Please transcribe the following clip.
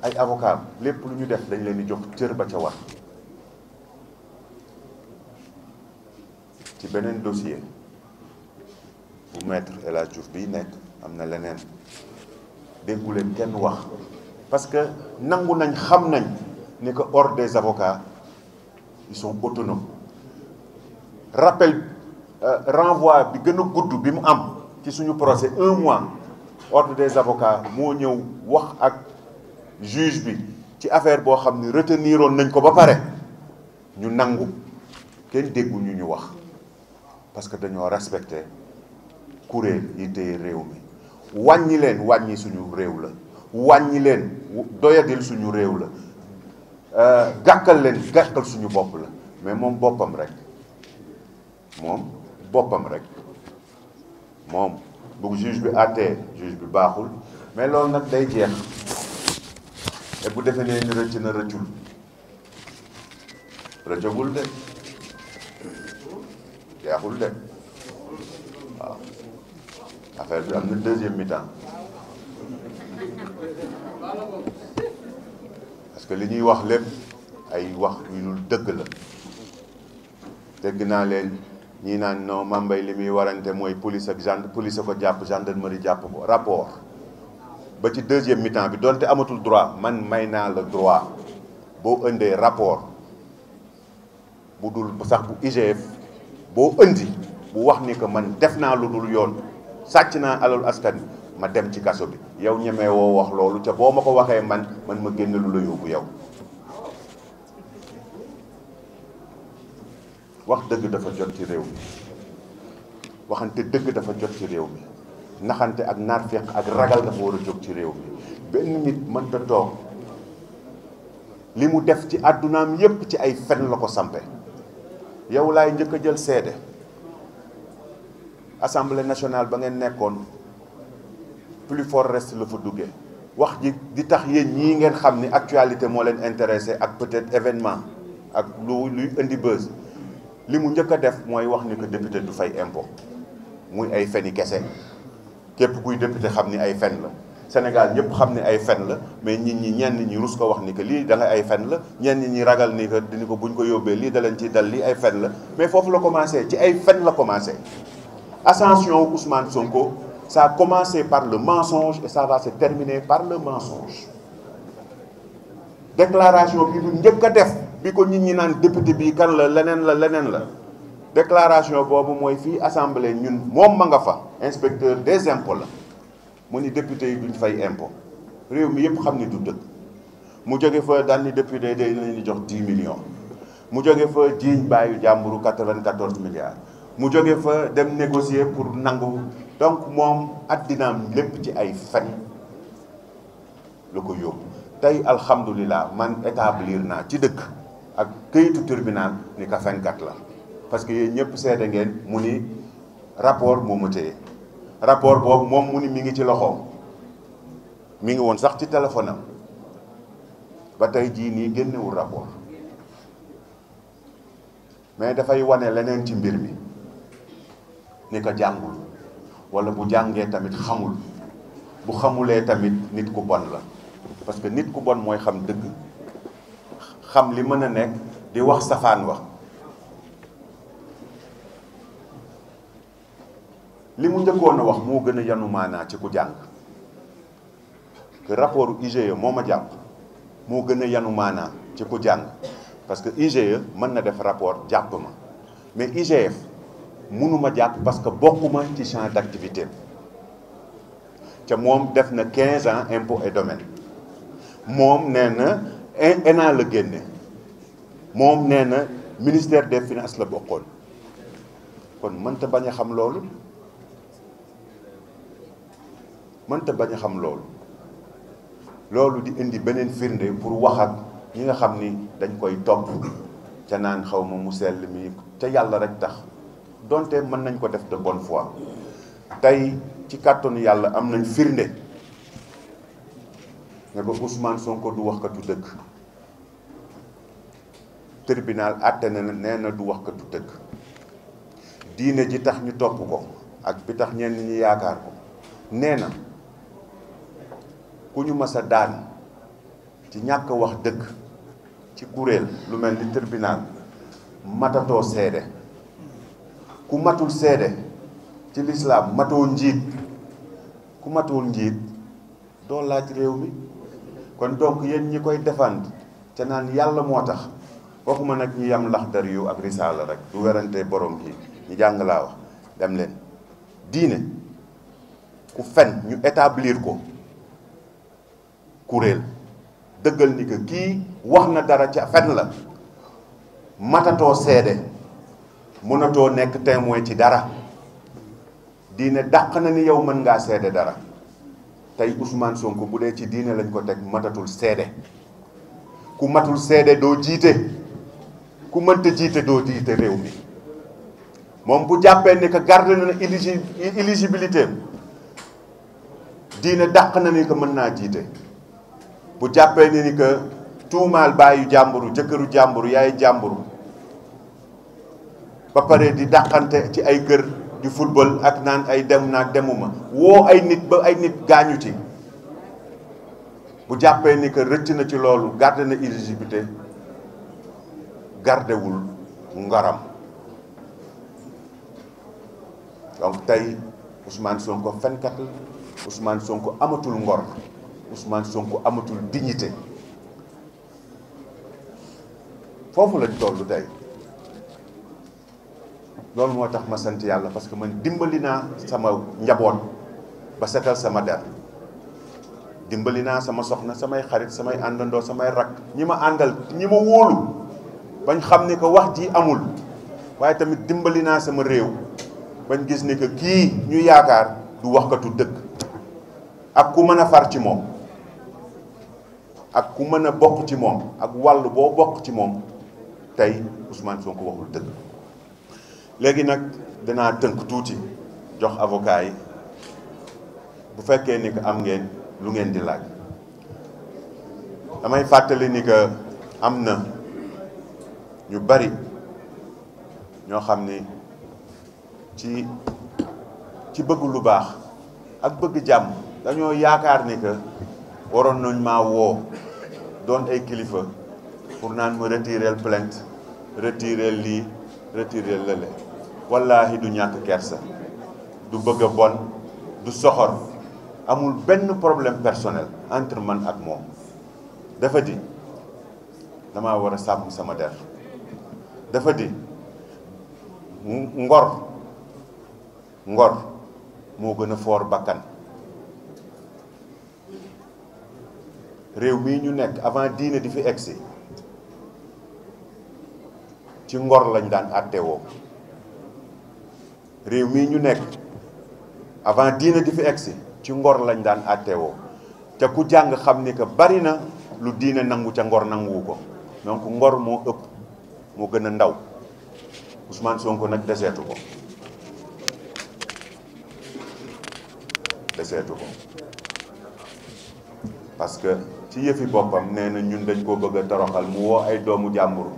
ay avocat lépp lu ñu def dañ leen di jox cër ba ca war ci beneen dossier bu maître El Hadj Diouf bi nekk am na leneen déggu leen kenn wax parce que nangu nañ xam nañ ni que hors des avocats ils sont autonomes rappel euh, renvoi bi gën a gudd bi mu am ci suñu procès un mois ordre des avocats moo ñëw wax ak juge bi ci affaire boo xam ni retenir nañ ko ba pare ñu nangu kenn dégguñu ñu wax parce que dañoo respecté kuréel yi téye réew mi wàññi leen wàññi suñu réew la wàññi leen doyadil suñu réew la euh, gàkkal leen gàkkal suñu bopp la mais moom boppam rek moom boppam rek moom bu juge bi àttee juge bi baaxul mais loolu nag day jeex te bu defee nee ni rëcc na rëccul rëccagul de jeexul de waaw affaire bi am na deuxième mi-temps parce que li ñuy wax lépp ay wax yu dul dëgg la dégg naa leen ñii naan non Mame Mbaye li muy warante mooy police ak gendarme police a ko jàpp gendarmerie jàpp ko rapport ba ci deuxième mi bi donte amatul droit man may naa la droit boo ëndee rapport bu dul sax bu IGF boo indi bu wax ni que man def naa lu dul yoon sàcc naa alalu askan bi ma dem ci kaso bi yow ñemee woo wax loolu ca boo ma ko waxee man man ma génn lu la yóbbu yow wax dëgg dafa jot ci réew mi waxante dëgg dafa jot ci réew mi naxante ak naar féq ak ragal dafa war a jóg ci réew mi benn nit mënta toog li mu def ci àddunaam yépp ci ay fen la ko sampe yow laay njëkk a jël seede assemblée nationale ba ngeen nekkoon plus fort reste la fa duggee wax ji di tax yéen yi ngeen xam ni actualité moo leen intéressé ak peut événement ak lu luy indi buzz li mu njëkk a def mooy wax ni que député du fay impôt muy ay feni kese képp kuy député xam ni ay fen la Sénégal ñëpp xam ne ay fen la mais nit ñi ñenn ñi rus ko wax ni que lii da ay fen la ñenn ñi ragal ni que dina ko bu buñ ko yóbbee lii da leen ci dal lii ay fen la mais foofu la commencé ci ay fen la commencé ascension Ousmane Sonko ça a commencé par le mensonge et sa va se terminer par le mensonge déclaration bi du njëkk a def bi ko nit ñi naan député bi kan la leneen la leneen la déclaration boobu mooy fii assemblée ñun moom ma nga fa inspecteur des impôts la mu ni député yi duñ fay impôt réew mi yëpp xam ni du dëkk mu jóge fa daal ni député day nañu jox 10 millions mu joge fa jiiñ bàyyu jàmburu 94 milliards mu jóge fa dem négocier pour nangu donc moom addinaam lépp ci ay fen lu ko yóbbu tey alhamdulilah man établir naa ci dëkk ak këyitu tribunal ni ka fenkat la parce que yéen ñëpp seede ngeen mu ni rapport moo ma téye rapport boobu moom mu ni mu ngi ci loxoom mi ngi woon sax ci téléphone ba tey jii nii génnewul rapport mais dafay wane leneen ci mbir mi ni ko jàngul walla bu jàngee tamit xamul bu xamulee tamit nit ku bon la parce que nit ku bon mooy xam dëgg xam li mën a nekk di wax safaan wax li mu njëkkoon a wax moo gën a yanu maanaa ci ku jàng que rapport IGE moo ma jàpp moo gën a yanu maanaa ci ku jàng parce que IGE mën na def rapport jàpp ma mais IGF mënuma jàpp parce que bokkuma ci champ d'activité te moom def na quinze ans impôt et domaine moom nee na ENA la génne moom nee na ministère des finance la bokkoon kon mënta bañ a xam loolu. mënta bañ a xam loolu loolu di indi beneen firnde pour wax ak ñi nga xam ni dañ koy topp ca naan xaw ma mu sell mi ca yàlla rek tax donte mën nañ ko def de bonne foi tey ci kàttanu yàlla am nañ firnde ne ba Ousmane Sonko du waxkatu dëgg tribunal àtte na nee na du wax waxkatu dëgg diine ji tax ñu topp ko ak bi tax ñenn ñi yaakaar ko nee na. ku ñu mës daan ci ñàkk wax dëgg ci kuréel lu mel ni tribunal matatoo seede ku matul seede ci lislaam matoo njiit ku matul njiit doo laaj réew mi kon donc yéen ñi koy défendre ca naan yàlla moo tax waxuma nag ñi yam laxdar yu ak risaala rek du werante borom kii ñu jàng laa wax dem leen diine ku fen ñu établir ko kuréel dëggal ni que kii wax na dara ca fen la matatoo seede mënatoo nekk témoin ci dara diine dàq na ni yow mën ngaa seede dara tey Ousmane Sonko bu dee ci diine lañ ko teg matatul seede ku matul seede doo jiite ku mënta jiite doo jiite réew mi moom bu jàppee ni que garde na éligi éligibilité diine dàq na ni que mën naa jiite bu jàppee ni ni que tuumaal baayu jàmburu jëkkëru jàmburu yaay jàmburu ba pare di dàqante ci ay gër di football ak naan ay dem naag demuma woo ay nit ba ay nit gaañu ci bu jàppee ni que rëcc na ci loolu garde na éligibilité gardewul ngoram donc tey Ousmane Sonko fenkat la Ousmane Sonko amatul ngor Ousmane sonk amatul dignité foofu lañ toll tey loolu moo tax ma sant yàlla parce que man dimbali naa sama njaboot ba setal sama der dimbali naa sama soxna samay xarit samay àndandoo samay rakk ñi ma àndal ñi ma wóolu bañ xam ne ko wax ji amul waaye tamit dimbali naa sama réew bañ gis ne que kii ñu yaakaar du waxkatu dëkk ak ku mën a far ci moom ak ku mën a bokk ci moom ak wàll boo bokk ci moom tey Ousmane Sonko waxul dëgg léegi nag danaa tënk tuuti jox avocat yi bu fekkee ni que am ngeen lu ngeen di laaj damay fàttali ni que am na ñu bari ñoo xam ni ci ci bëgg lu baax ak bëgg jàmm dañoo yaakaar ni que waroon nañ maa woo doon ay kilifa pour naan ma retireel plainte retireel lii retireel lële wallaahi du ñàkk kersa du bëgg a bon du soxor amul benn problème personnel entre man ak moom dafa di damaa war a sàmm sama der dafa di ngor ngor moo gën a foor bakkan réew mii ñu nekk avant diine di fi egsi ci ngor lañ daan àttewoo réew mii ñu nekk avant diine di fi egsi ci ngor lañ daan àttewoo te ku jàng xam ni que bari na lu diine nangu ca ngor nanguwu ko donc ngor moo ëpp moo gën a ndaw Ousmane Sonko nag deseetu ko deseetu ko parce que ci yëfi boppam nee na ñun dañ koo bëgg a toroxal mu woo ay doomu jàmbur